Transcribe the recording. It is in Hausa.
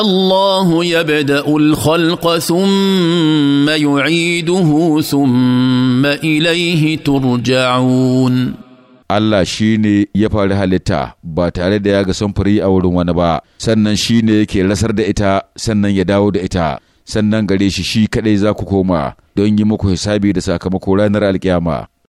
الله يبدا الخلق ثم يعيده ثم اليه ترجعون Allah shi ne ya fari halitta ba tare da ya ga samfuri a wurin wani ba, sannan shi ne yake rasar da ita, sannan ya dawo da ita, sannan gare shi shi kaɗai za ku koma don yi muku hisabi da sakamako ranar alkiyama.